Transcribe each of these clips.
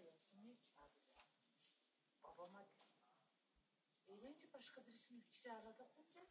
yasını çağıracağım. Babama dedim. Eğlence başka birisinin fikri arada olunca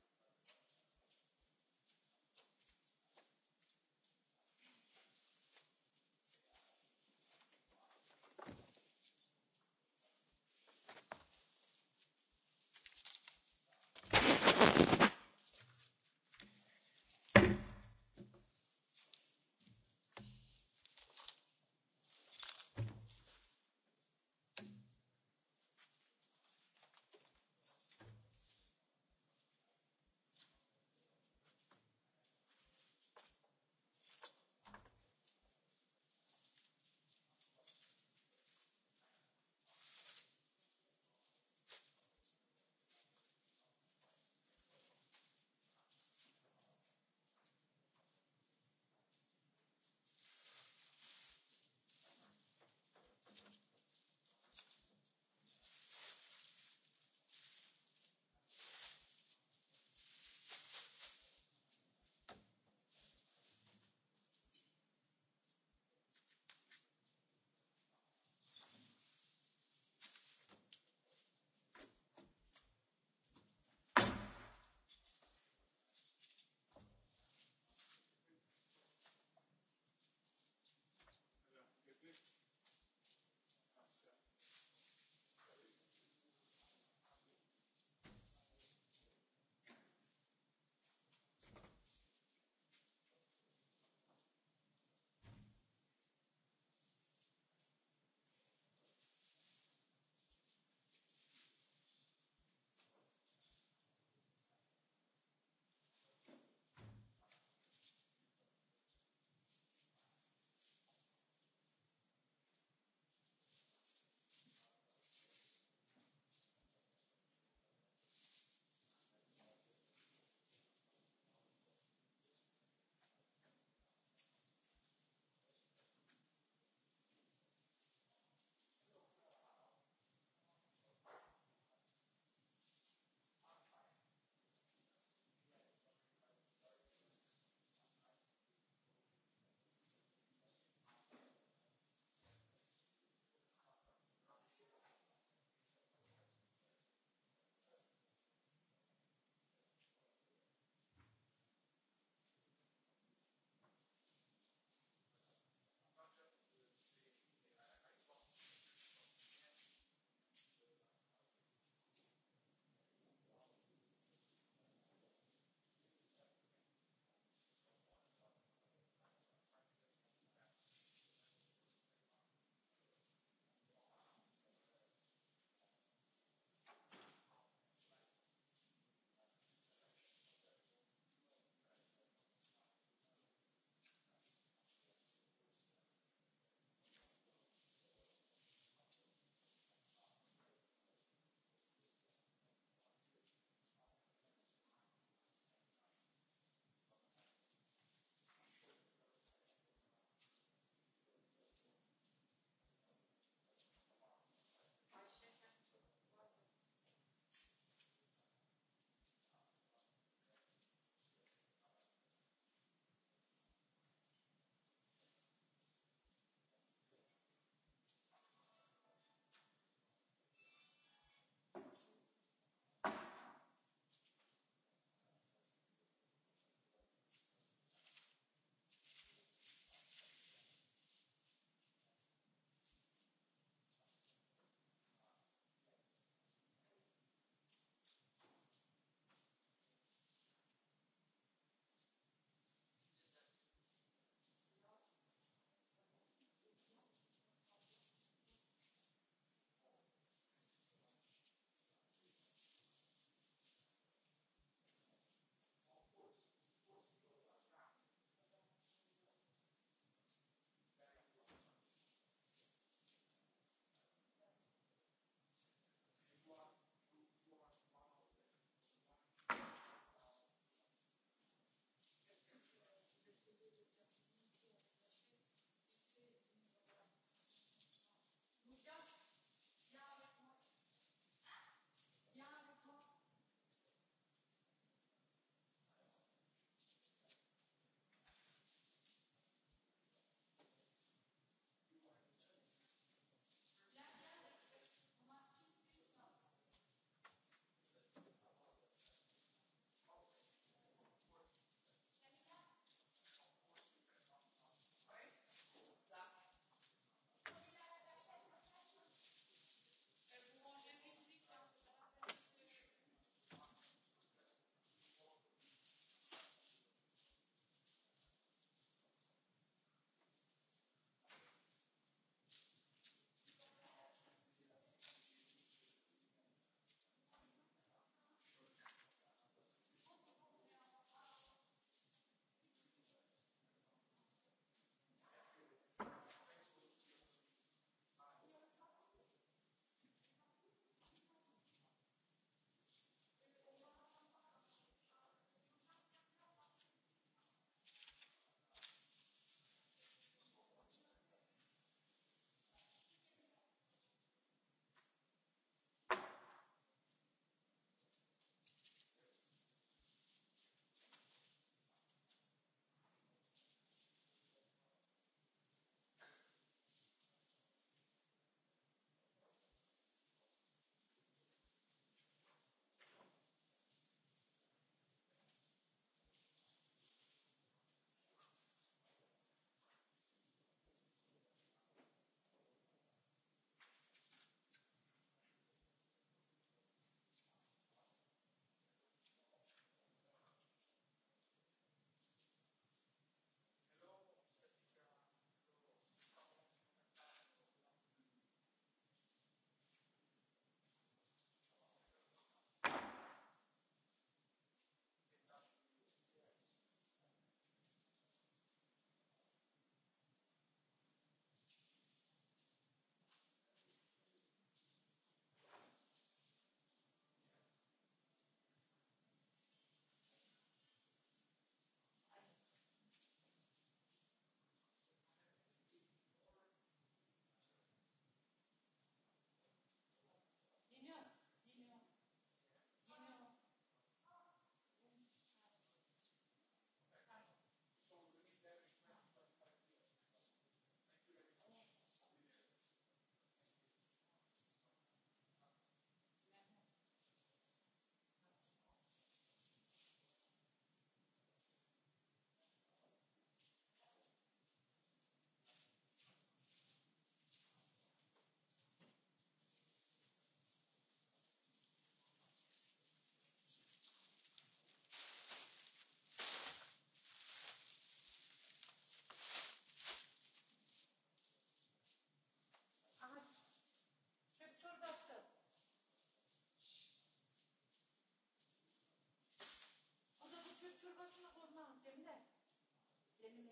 in the